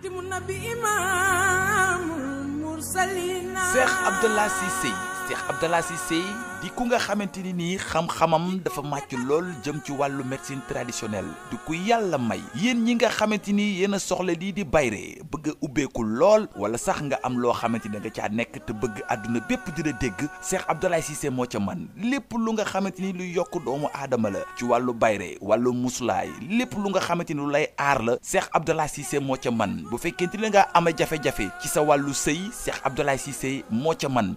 xaatimu nabi imaamul mursaliin Cheikh Abdallah Cissé Cheikh Abdallah Cissé di ku nga xamante ni nii xam-xamam dafa màcc lool jëm ci wàllu médecine traditionnelle di ku yàlla may yéen ñi nga xamante ni yéen a soxla lii di bayre bëgg a ubbeeku lool wala sax nga am loo xamante ni da nga caa nekk te bëgg àdduna bépp di la dégg Cheikh Abdoulaye Cissé moo ca man lépp lu nga xamante ni lu yokk doomu aadama la ci wàllu bayre wàllu musulaay lépp lu nga xamante ni lu lay aar la Cheikh Abdoulaye Cissé moo ca man bu fekkee ni nga am jafe-jafe ci sa wàllu sëy Cheikh Abdoulaye Cissé moo ca man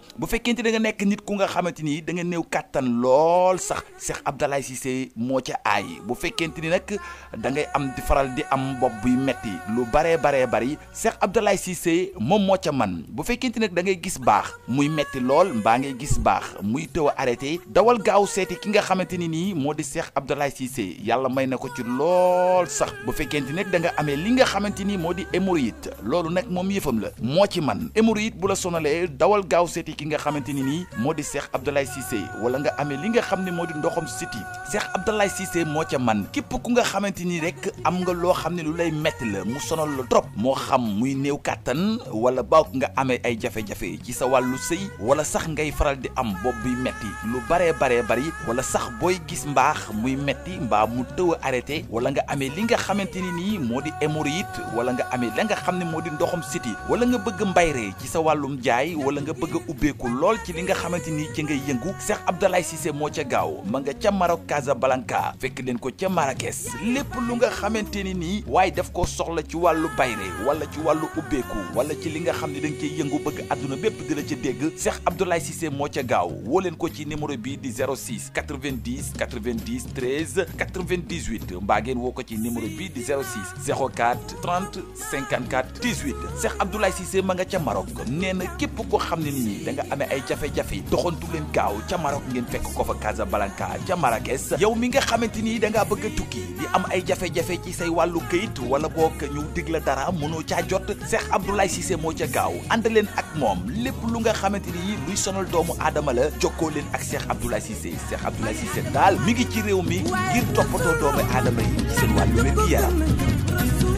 da nga néew kàttan lool sax Cheikh Abdoulaye Cissé moo ca aay bu fekkente ni nag da ngay am di faral di am bopp buy metti lu baree baree bari Cheikh Abdoulaye Cissé moom moo ca man bu fekkente nag da ngay gis baax muy metti lool mbaa ngay gis baax muy tëw a arrêté dawal gaaw seeti ki nga xamante ni nii moo di Cheikh Abdoulaye Cissé yàlla may na ko ci lool sax bu fekkente nag da nga amee li nga xamante ni moo di hémorroïde loolu nag moom yëfam la moo ci man hémorroïde bu la sonalee dawal gaaw seeti ki nga xamante ni nii moo di Cheikh Abdoulaye Cissé Cissé wala nga amee li nga xam ne moo di ndoxam siti Cheikh Abdoulaye Cissé moo ca man képp ku nga xamante ni rek am nga loo xam ne lu lay metti la mu sonal la trop moo xam muy néew kàttan wala bawk nga amee ay jafe-jafe ci sa wàllu sëy wala sax ngay faral di am bopp buy metti lu baree baree bari wala sax booy gis mbaax muy metti mbaa mu tëw a arrêté wala nga amee li nga xamante ni nii moo di hémorroïde wala nga amee la nga xam ne moo di ndoxam siti wala nga bëgg mbayree ci sa wàllum jaay wala nga bëgg ubbeeku lool ci li nga xamante Cheikh Abdoulaye Cissé mo ca gaaw ma nga ca Maroc Casablanca fekk leen ko ca Marrakech lépp lu nga xamanteni ni nii waaye daf koo soxla ci walu bayre wala ci walu ubbeeku wala ci li nga xamni dang cey yëngu bëgg àdduna bépp di la ca dégg Cheikh Abdoulaye Cissé mo ca gaaw wo leen ko ci numéro bi di 06 90 90 13 98 mbaa ngeen woo ko ci numéro bi di 06 04 30 54 18 Cheikh Abdoulaye Cissé ma nga ca Maroc nee na képp koo xam ni da nga amé ay jafé jafe doxantu leen gaaw ca Maroc ngeen fekk ko fa Casablanca ca Marrakech yow mi nga xamante nii da bëgg a tukki di am ay jafe-jafe ci say wàllu kayit wala boog ñu dig la dara mënoo caa jot Cheikh Abdoulaye Cissé moo ca gaaw ànd leen ak moom lépp lu nga xamante ni luy sonal doomu aadama la jokkoo leen ak Cheikh Abdoulaye Cissé Cheikh Abdoulaye Cissé daal mi ngi ci réew mi ngir toppatoo doomu aadama yi ci seen wàllu wér yaram